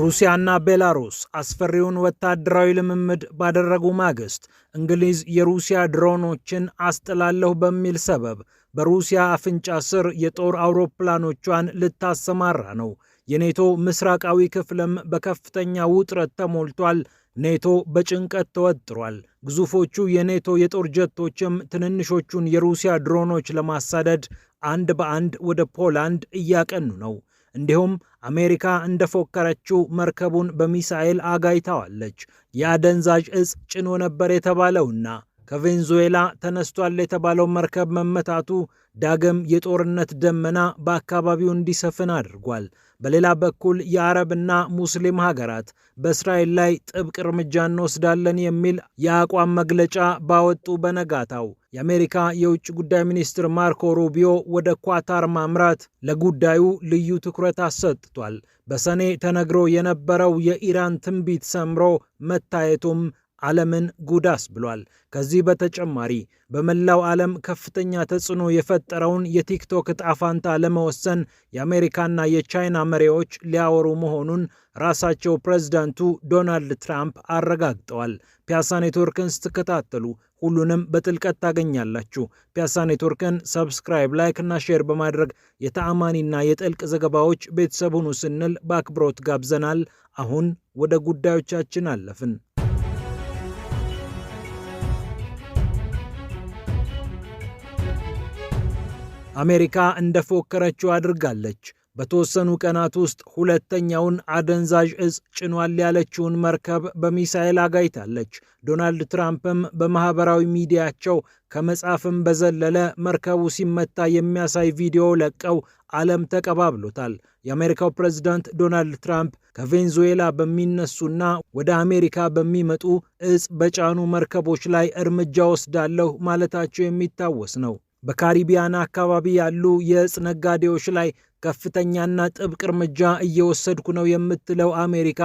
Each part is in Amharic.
ሩሲያና ቤላሩስ አስፈሪውን ወታደራዊ ልምምድ ባደረጉ ማግስት እንግሊዝ የሩሲያ ድሮኖችን አስጥላለሁ በሚል ሰበብ በሩሲያ አፍንጫ ስር የጦር አውሮፕላኖቿን ልታሰማራ ነው። የኔቶ ምስራቃዊ ክፍልም በከፍተኛ ውጥረት ተሞልቷል። ኔቶ በጭንቀት ተወጥሯል። ግዙፎቹ የኔቶ የጦር ጀቶችም ትንንሾቹን የሩሲያ ድሮኖች ለማሳደድ አንድ በአንድ ወደ ፖላንድ እያቀኑ ነው። እንዲሁም አሜሪካ እንደፎከረችው መርከቡን በሚሳኤል አጋይታዋለች። የአደንዛዥ እጽ ጭኖ ነበር የተባለውና ከቬንዙዌላ ተነስቷል የተባለው መርከብ መመታቱ ዳግም የጦርነት ደመና በአካባቢው እንዲሰፍን አድርጓል። በሌላ በኩል የአረብና ሙስሊም ሀገራት በእስራኤል ላይ ጥብቅ እርምጃ እንወስዳለን የሚል የአቋም መግለጫ ባወጡ በነጋታው የአሜሪካ የውጭ ጉዳይ ሚኒስትር ማርኮ ሩቢዮ ወደ ኳታር ማምራት ለጉዳዩ ልዩ ትኩረት አሰጥቷል። በሰኔ ተነግሮ የነበረው የኢራን ትንቢት ሰምሮ መታየቱም ዓለምን ጉዳስ ብሏል። ከዚህ በተጨማሪ በመላው ዓለም ከፍተኛ ተጽዕኖ የፈጠረውን የቲክቶክ ዕጣ ለመወሰን የአሜሪካና የቻይና መሪዎች ሊያወሩ መሆኑን ራሳቸው ፕሬዝዳንቱ ዶናልድ ትራምፕ አረጋግጠዋል። ፒያሳ ኔትወርክን ስትከታተሉ ሁሉንም በጥልቀት ታገኛላችሁ። ፒያሳ ኔትወርክን ሰብስክራይብ፣ ላይክና ሼር በማድረግ የተአማኒና የጥልቅ ዘገባዎች ቤተሰብ ሁኑ ስንል በአክብሮት ጋብዘናል። አሁን ወደ ጉዳዮቻችን አለፍን። አሜሪካ እንደፎከረችው አድርጋለች። በተወሰኑ ቀናት ውስጥ ሁለተኛውን አደንዛዥ እጽ ጭኗል ያለችውን መርከብ በሚሳኤል አጋይታለች። ዶናልድ ትራምፕም በማኅበራዊ ሚዲያቸው ከመጻፍም በዘለለ መርከቡ ሲመታ የሚያሳይ ቪዲዮ ለቀው ዓለም ተቀባብሎታል። የአሜሪካው ፕሬዝዳንት ዶናልድ ትራምፕ ከቬንዙዌላ በሚነሱና ወደ አሜሪካ በሚመጡ እጽ በጫኑ መርከቦች ላይ እርምጃ ወስዳለሁ ማለታቸው የሚታወስ ነው። በካሪቢያን አካባቢ ያሉ የእጽ ነጋዴዎች ላይ ከፍተኛና ጥብቅ እርምጃ እየወሰድኩ ነው የምትለው አሜሪካ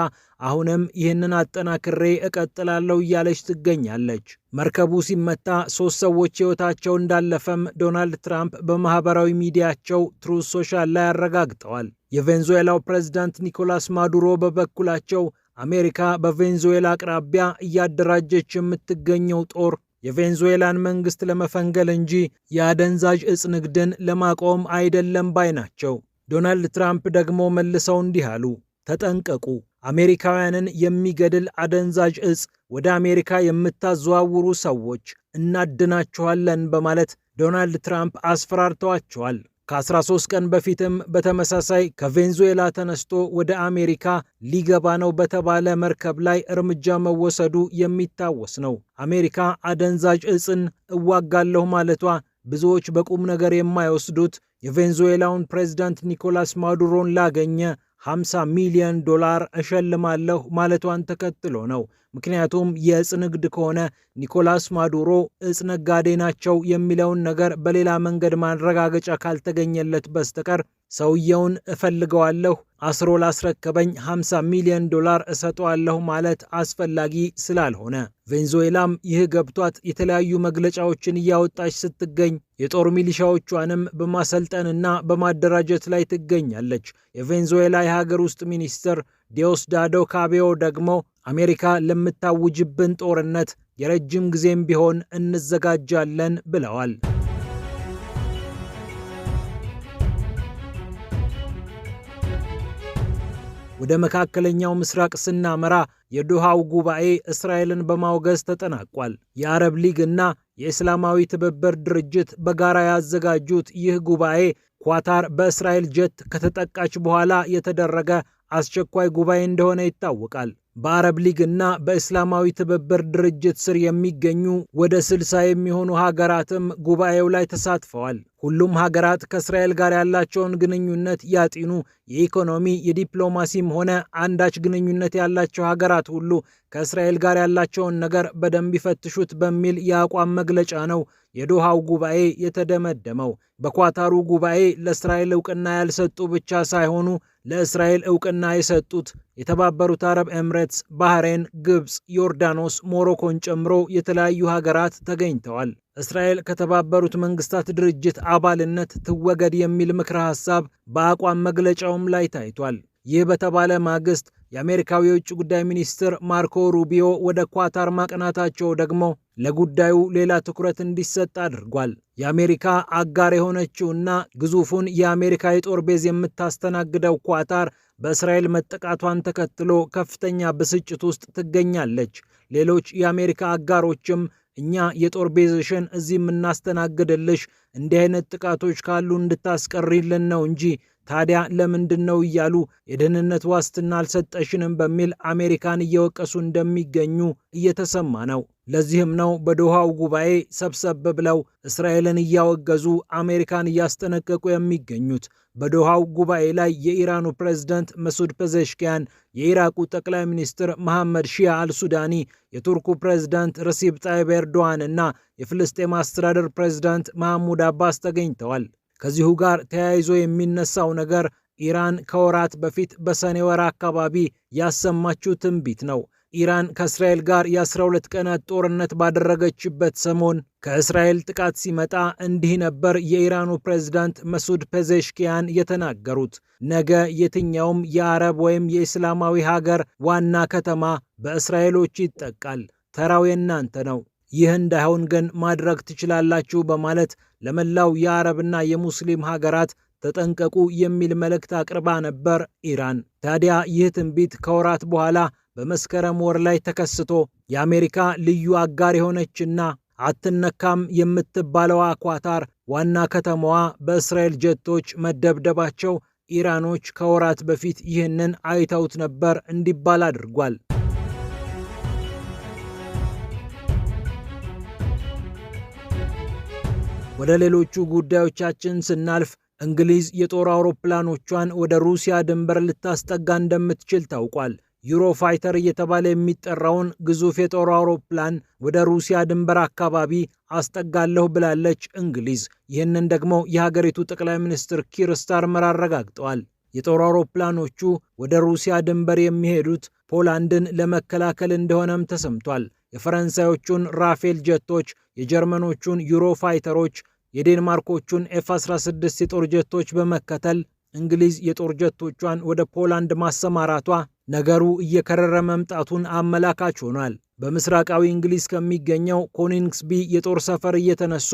አሁንም ይህንን አጠናክሬ እቀጥላለሁ እያለች ትገኛለች። መርከቡ ሲመታ ሶስት ሰዎች ሕይወታቸው እንዳለፈም ዶናልድ ትራምፕ በማህበራዊ ሚዲያቸው ትሩ ሶሻል ላይ አረጋግጠዋል። የቬንዙዌላው ፕሬዝዳንት ኒኮላስ ማዱሮ በበኩላቸው አሜሪካ በቬንዙዌላ አቅራቢያ እያደራጀች የምትገኘው ጦር የቬንዙዌላን መንግስት ለመፈንገል እንጂ የአደንዛዥ እጽ ንግድን ለማቆም አይደለም ባይ ናቸው። ዶናልድ ትራምፕ ደግሞ መልሰው እንዲህ አሉ፣ ተጠንቀቁ፣ አሜሪካውያንን የሚገድል አደንዛዥ እጽ ወደ አሜሪካ የምታዘዋውሩ ሰዎች እናድናችኋለን በማለት ዶናልድ ትራምፕ አስፈራርተዋቸዋል። ከ13 ቀን በፊትም በተመሳሳይ ከቬንዙዌላ ተነስቶ ወደ አሜሪካ ሊገባ ነው በተባለ መርከብ ላይ እርምጃ መወሰዱ የሚታወስ ነው። አሜሪካ አደንዛዥ እጽን እዋጋለሁ ማለቷ ብዙዎች በቁም ነገር የማይወስዱት የቬንዙዌላውን ፕሬዝዳንት ኒኮላስ ማዱሮን ላገኘ 50 ሚሊዮን ዶላር እሸልማለሁ ማለቷን ተከትሎ ነው። ምክንያቱም የእጽ ንግድ ከሆነ ኒኮላስ ማዱሮ እጽ ነጋዴ ናቸው የሚለውን ነገር በሌላ መንገድ ማረጋገጫ ካልተገኘለት በስተቀር ሰውየውን እፈልገዋለሁ አስሮ ላስረከበኝ 50 ሚሊዮን ዶላር እሰጠዋለሁ ማለት አስፈላጊ ስላልሆነ ቬንዙዌላም ይህ ገብቷት የተለያዩ መግለጫዎችን እያወጣች ስትገኝ የጦር ሚሊሻዎቿንም በማሰልጠንና በማደራጀት ላይ ትገኛለች። የቬንዙዌላ የሀገር ውስጥ ሚኒስትር ዲዮስዳዶ ካቤዮ ደግሞ አሜሪካ ለምታውጅብን ጦርነት የረጅም ጊዜም ቢሆን እንዘጋጃለን ብለዋል። ወደ መካከለኛው ምስራቅ ስናመራ የዶሃው ጉባኤ እስራኤልን በማውገዝ ተጠናቋል። የአረብ ሊግ እና የእስላማዊ ትብብር ድርጅት በጋራ ያዘጋጁት ይህ ጉባኤ ኳታር በእስራኤል ጀት ከተጠቃች በኋላ የተደረገ አስቸኳይ ጉባኤ እንደሆነ ይታወቃል። በአረብ ሊግ እና በእስላማዊ ትብብር ድርጅት ስር የሚገኙ ወደ ስልሳ የሚሆኑ ሀገራትም ጉባኤው ላይ ተሳትፈዋል። ሁሉም ሀገራት ከእስራኤል ጋር ያላቸውን ግንኙነት ያጢኑ። የኢኮኖሚ የዲፕሎማሲም ሆነ አንዳች ግንኙነት ያላቸው ሀገራት ሁሉ ከእስራኤል ጋር ያላቸውን ነገር በደንብ ይፈትሹት በሚል የአቋም መግለጫ ነው የዶሃው ጉባኤ የተደመደመው። በኳታሩ ጉባኤ ለእስራኤል እውቅና ያልሰጡ ብቻ ሳይሆኑ ለእስራኤል እውቅና የሰጡት የተባበሩት አረብ ኤምሬትስ፣ ባህሬን፣ ግብፅ፣ ዮርዳኖስ፣ ሞሮኮን ጨምሮ የተለያዩ ሀገራት ተገኝተዋል። እስራኤል ከተባበሩት መንግስታት ድርጅት አባልነት ትወገድ የሚል ምክረ ሐሳብ በአቋም መግለጫውም ላይ ታይቷል። ይህ በተባለ ማግስት የአሜሪካው የውጭ ጉዳይ ሚኒስትር ማርኮ ሩቢዮ ወደ ኳታር ማቅናታቸው ደግሞ ለጉዳዩ ሌላ ትኩረት እንዲሰጥ አድርጓል። የአሜሪካ አጋር የሆነችውና ግዙፉን የአሜሪካ የጦር ቤዝ የምታስተናግደው ኳታር በእስራኤል መጠቃቷን ተከትሎ ከፍተኛ ብስጭት ውስጥ ትገኛለች። ሌሎች የአሜሪካ አጋሮችም እኛ የጦር ቤዝሽን እዚህ የምናስተናግድልሽ እንዲህ አይነት ጥቃቶች ካሉ እንድታስቀሪልን ነው እንጂ ታዲያ ለምንድን ነው እያሉ የደህንነት ዋስትና አልሰጠሽንም በሚል አሜሪካን እየወቀሱ እንደሚገኙ እየተሰማ ነው። ለዚህም ነው በዶሃው ጉባኤ ሰብሰብ ብለው እስራኤልን እያወገዙ አሜሪካን እያስጠነቀቁ የሚገኙት። በዶሃው ጉባኤ ላይ የኢራኑ ፕሬዝደንት መሱድ ፐዘሽኪያን፣ የኢራቁ ጠቅላይ ሚኒስትር መሐመድ ሺያ አልሱዳኒ፣ የቱርኩ ፕሬዝዳንት ረሲብ ጣይብ ኤርዶዋን እና የፍልስጤም አስተዳደር ፕሬዝዳንት መሐሙድ አባስ ተገኝተዋል። ከዚሁ ጋር ተያይዞ የሚነሳው ነገር ኢራን ከወራት በፊት በሰኔ ወር አካባቢ ያሰማችው ትንቢት ነው። ኢራን ከእስራኤል ጋር የ12 ቀናት ጦርነት ባደረገችበት ሰሞን ከእስራኤል ጥቃት ሲመጣ እንዲህ ነበር የኢራኑ ፕሬዝዳንት መሱድ ፔዜሽኪያን የተናገሩት። ነገ የትኛውም የአረብ ወይም የእስላማዊ ሀገር ዋና ከተማ በእስራኤሎች ይጠቃል። ተራው የእናንተ ነው። ይህ እንዳይሆን ግን ማድረግ ትችላላችሁ በማለት ለመላው የአረብና የሙስሊም ሀገራት ተጠንቀቁ የሚል መልእክት አቅርባ ነበር ኢራን። ታዲያ ይህ ትንቢት ከወራት በኋላ በመስከረም ወር ላይ ተከስቶ የአሜሪካ ልዩ አጋር የሆነችና አትነካም የምትባለዋ ኳታር ዋና ከተማዋ በእስራኤል ጀቶች መደብደባቸው ኢራኖች ከወራት በፊት ይህንን አይተውት ነበር እንዲባል አድርጓል። ወደ ሌሎቹ ጉዳዮቻችን ስናልፍ እንግሊዝ የጦር አውሮፕላኖቿን ወደ ሩሲያ ድንበር ልታስጠጋ እንደምትችል ታውቋል። ዩሮፋይተር እየተባለ የሚጠራውን ግዙፍ የጦር አውሮፕላን ወደ ሩሲያ ድንበር አካባቢ አስጠጋለሁ ብላለች እንግሊዝ። ይህንን ደግሞ የሀገሪቱ ጠቅላይ ሚኒስትር ኪር ስታርመር አረጋግጠዋል። የጦር አውሮፕላኖቹ ወደ ሩሲያ ድንበር የሚሄዱት ፖላንድን ለመከላከል እንደሆነም ተሰምቷል። የፈረንሳዮቹን ራፌል ጀቶች፣ የጀርመኖቹን ዩሮፋይተሮች የዴንማርኮቹን ኤፍ 16 የጦር ጀቶች በመከተል እንግሊዝ የጦር ጀቶቿን ወደ ፖላንድ ማሰማራቷ ነገሩ እየከረረ መምጣቱን አመላካች ሆኗል። በምስራቃዊ እንግሊዝ ከሚገኘው ኮኒንግስቢ የጦር ሰፈር እየተነሱ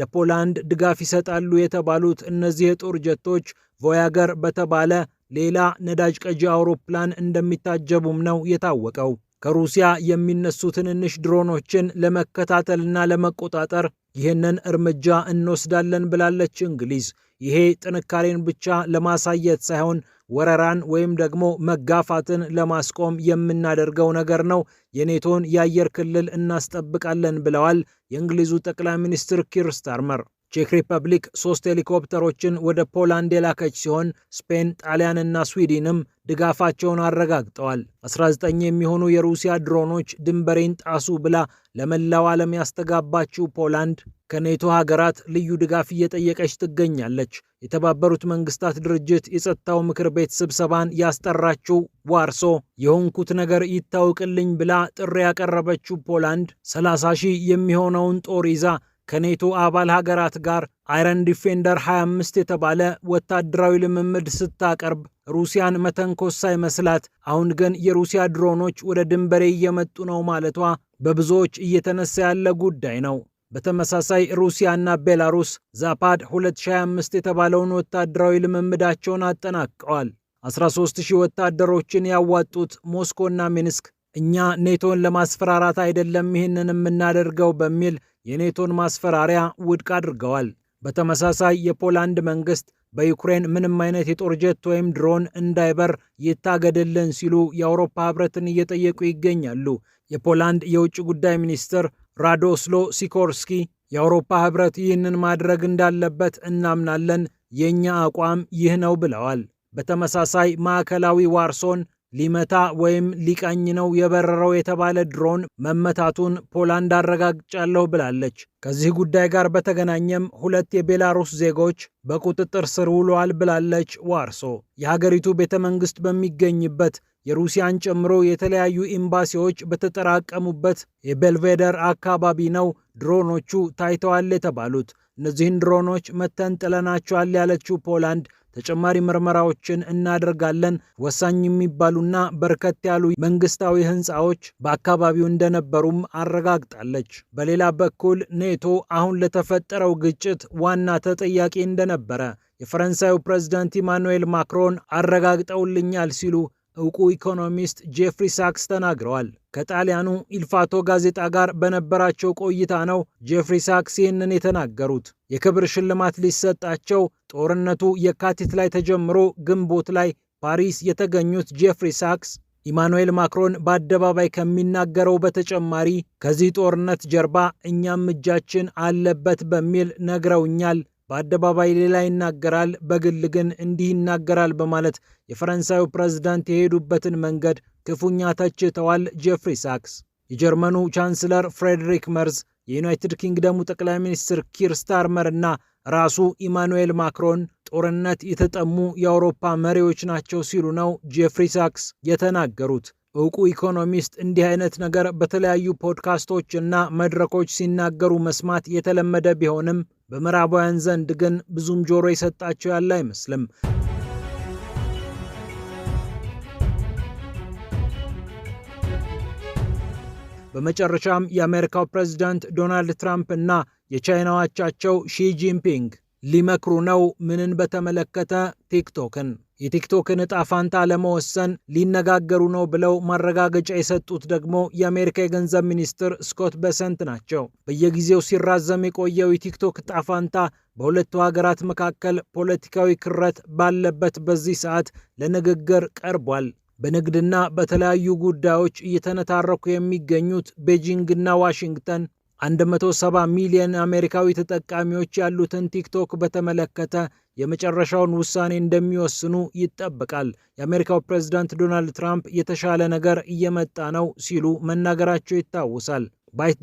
ለፖላንድ ድጋፍ ይሰጣሉ የተባሉት እነዚህ የጦር ጀቶች ቮያገር በተባለ ሌላ ነዳጅ ቀጂ አውሮፕላን እንደሚታጀቡም ነው የታወቀው። ከሩሲያ የሚነሱ ትንንሽ ድሮኖችን ለመከታተልና ለመቆጣጠር ይህንን እርምጃ እንወስዳለን ብላለች እንግሊዝ። ይሄ ጥንካሬን ብቻ ለማሳየት ሳይሆን ወረራን ወይም ደግሞ መጋፋትን ለማስቆም የምናደርገው ነገር ነው። የኔቶን የአየር ክልል እናስጠብቃለን ብለዋል የእንግሊዙ ጠቅላይ ሚኒስትር ኪር ስታርመር። ቼክ ሪፐብሊክ ሶስት ሄሊኮፕተሮችን ወደ ፖላንድ የላከች ሲሆን ስፔን፣ ጣሊያንና ስዊድንም ድጋፋቸውን አረጋግጠዋል። 19 የሚሆኑ የሩሲያ ድሮኖች ድንበሬን ጣሱ ብላ ለመላው ዓለም ያስተጋባችው ፖላንድ ከኔቶ ሀገራት ልዩ ድጋፍ እየጠየቀች ትገኛለች። የተባበሩት መንግስታት ድርጅት የጸጥታው ምክር ቤት ስብሰባን ያስጠራችው ዋርሶ የሆንኩት ነገር ይታወቅልኝ ብላ ጥሪ ያቀረበችው ፖላንድ 30 ሺህ የሚሆነውን ጦር ይዛ ከኔቶ አባል ሀገራት ጋር አይረን ዲፌንደር 25 የተባለ ወታደራዊ ልምምድ ስታቀርብ ሩሲያን መተንኮስ ሳይመስላት፣ አሁን ግን የሩሲያ ድሮኖች ወደ ድንበሬ እየመጡ ነው ማለቷ በብዙዎች እየተነሳ ያለ ጉዳይ ነው። በተመሳሳይ ሩሲያና ቤላሩስ ዛፓድ 2025 የተባለውን ወታደራዊ ልምምዳቸውን አጠናቅቀዋል። 13,000 ወታደሮችን ያዋጡት ሞስኮና ሚንስክ እኛ ኔቶን ለማስፈራራት አይደለም ይህንን የምናደርገው በሚል የኔቶን ማስፈራሪያ ውድቅ አድርገዋል። በተመሳሳይ የፖላንድ መንግስት በዩክሬን ምንም አይነት የጦር ጀት ወይም ድሮን እንዳይበር ይታገደለን ሲሉ የአውሮፓ ህብረትን እየጠየቁ ይገኛሉ። የፖላንድ የውጭ ጉዳይ ሚኒስትር ራዶስሎ ሲኮርስኪ የአውሮፓ ህብረት ይህንን ማድረግ እንዳለበት እናምናለን፣ የእኛ አቋም ይህ ነው ብለዋል። በተመሳሳይ ማዕከላዊ ዋርሶን ሊመታ ወይም ሊቃኝ ነው የበረረው የተባለ ድሮን መመታቱን ፖላንድ አረጋግጫለሁ ብላለች። ከዚህ ጉዳይ ጋር በተገናኘም ሁለት የቤላሩስ ዜጎች በቁጥጥር ስር ውለዋል ብላለች። ዋርሶ የሀገሪቱ ቤተ መንግስት በሚገኝበት የሩሲያን ጨምሮ የተለያዩ ኤምባሲዎች በተጠራቀሙበት የቤልቬደር አካባቢ ነው ድሮኖቹ ታይተዋል የተባሉት። እነዚህን ድሮኖች መተን ጥለናቸዋል ያለችው ፖላንድ ተጨማሪ ምርመራዎችን እናደርጋለን፣ ወሳኝ የሚባሉና በርከት ያሉ መንግስታዊ ህንፃዎች በአካባቢው እንደነበሩም አረጋግጣለች። በሌላ በኩል ኔቶ አሁን ለተፈጠረው ግጭት ዋና ተጠያቂ እንደነበረ የፈረንሳዩ ፕሬዝዳንት ኢማኑኤል ማክሮን አረጋግጠውልኛል ሲሉ እውቁ ኢኮኖሚስት ጄፍሪ ሳክስ ተናግረዋል። ከጣሊያኑ ኢልፋቶ ጋዜጣ ጋር በነበራቸው ቆይታ ነው ጄፍሪ ሳክስ ይህንን የተናገሩት። የክብር ሽልማት ሊሰጣቸው ጦርነቱ የካቲት ላይ ተጀምሮ ግንቦት ላይ ፓሪስ የተገኙት ጄፍሪ ሳክስ ኢማኑኤል ማክሮን በአደባባይ ከሚናገረው በተጨማሪ ከዚህ ጦርነት ጀርባ እኛም እጃችን አለበት በሚል ነግረውኛል በአደባባይ ሌላ ይናገራል፣ በግል ግን እንዲህ ይናገራል በማለት የፈረንሳዩ ፕሬዝዳንት የሄዱበትን መንገድ ክፉኛ ተችተዋል። ጄፍሪ ሳክስ፣ የጀርመኑ ቻንስለር ፍሬድሪክ መርዝ፣ የዩናይትድ ኪንግደሙ ጠቅላይ ሚኒስትር ኪር ስታርመር እና ራሱ ኢማኑኤል ማክሮን ጦርነት የተጠሙ የአውሮፓ መሪዎች ናቸው ሲሉ ነው ጄፍሪ ሳክስ የተናገሩት። እውቁ ኢኮኖሚስት እንዲህ አይነት ነገር በተለያዩ ፖድካስቶች እና መድረኮች ሲናገሩ መስማት የተለመደ ቢሆንም በምዕራባውያን ዘንድ ግን ብዙም ጆሮ የሰጣቸው ያለ አይመስልም። በመጨረሻም የአሜሪካው ፕሬዚዳንት ዶናልድ ትራምፕ እና የቻይናዋቻቸው ሺ ሺጂንፒንግ ሊመክሩ ነው። ምንን በተመለከተ? ቲክቶክን የቲክቶክን እጣ ፋንታ ለመወሰን ሊነጋገሩ ነው ብለው ማረጋገጫ የሰጡት ደግሞ የአሜሪካ የገንዘብ ሚኒስትር ስኮት በሰንት ናቸው። በየጊዜው ሲራዘም የቆየው የቲክቶክ እጣ ፋንታ በሁለቱ ሀገራት መካከል ፖለቲካዊ ክረት ባለበት በዚህ ሰዓት ለንግግር ቀርቧል። በንግድና በተለያዩ ጉዳዮች እየተነታረኩ የሚገኙት ቤጂንግና ዋሽንግተን 170 ሚሊዮን አሜሪካዊ ተጠቃሚዎች ያሉትን ቲክቶክ በተመለከተ የመጨረሻውን ውሳኔ እንደሚወስኑ ይጠበቃል። የአሜሪካው ፕሬዝዳንት ዶናልድ ትራምፕ የተሻለ ነገር እየመጣ ነው ሲሉ መናገራቸው ይታወሳል።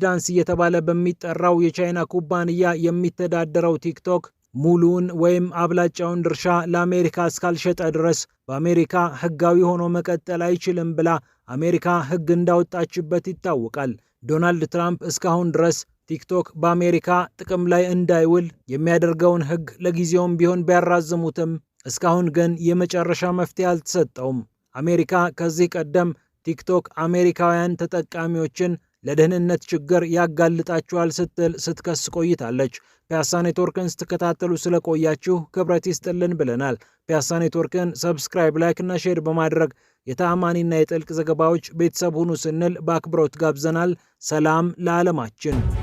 ዳንስ እየተባለ በሚጠራው የቻይና ኩባንያ የሚተዳደረው ቲክቶክ ሙሉውን ወይም አብላጫውን ድርሻ ለአሜሪካ እስካልሸጠ ድረስ በአሜሪካ ሕጋዊ ሆኖ መቀጠል አይችልም ብላ አሜሪካ ሕግ እንዳወጣችበት ይታወቃል። ዶናልድ ትራምፕ እስካሁን ድረስ ቲክቶክ በአሜሪካ ጥቅም ላይ እንዳይውል የሚያደርገውን ሕግ ለጊዜውም ቢሆን ቢያራዝሙትም እስካሁን ግን የመጨረሻ መፍትሄ አልተሰጠውም። አሜሪካ ከዚህ ቀደም ቲክቶክ አሜሪካውያን ተጠቃሚዎችን ለደህንነት ችግር ያጋልጣችኋል ስትል ስትከስ ቆይታለች። ፒያሳ ኔትወርክን ስትከታተሉ ስለቆያችሁ ክብረት ይስጥልን ብለናል። ፒያሳ ኔትወርክን ሰብስክራይብ፣ ላይክ ና ሼር በማድረግ የተአማኒና የጥልቅ ዘገባዎች ቤተሰብ ሁኑ ስንል በአክብሮት ጋብዘናል። ሰላም ለዓለማችን።